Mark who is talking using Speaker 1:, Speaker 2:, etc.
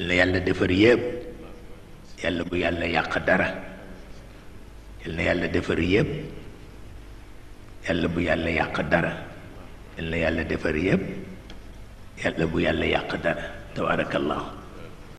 Speaker 1: la yàlla defar yëpp yàlla bu yàlla yàq dara la yàlla defar yëpp yàlla bu yàlla yàq dara la yàlla defar yëpp yàlla bu yàlla yàq dara tabarakallahu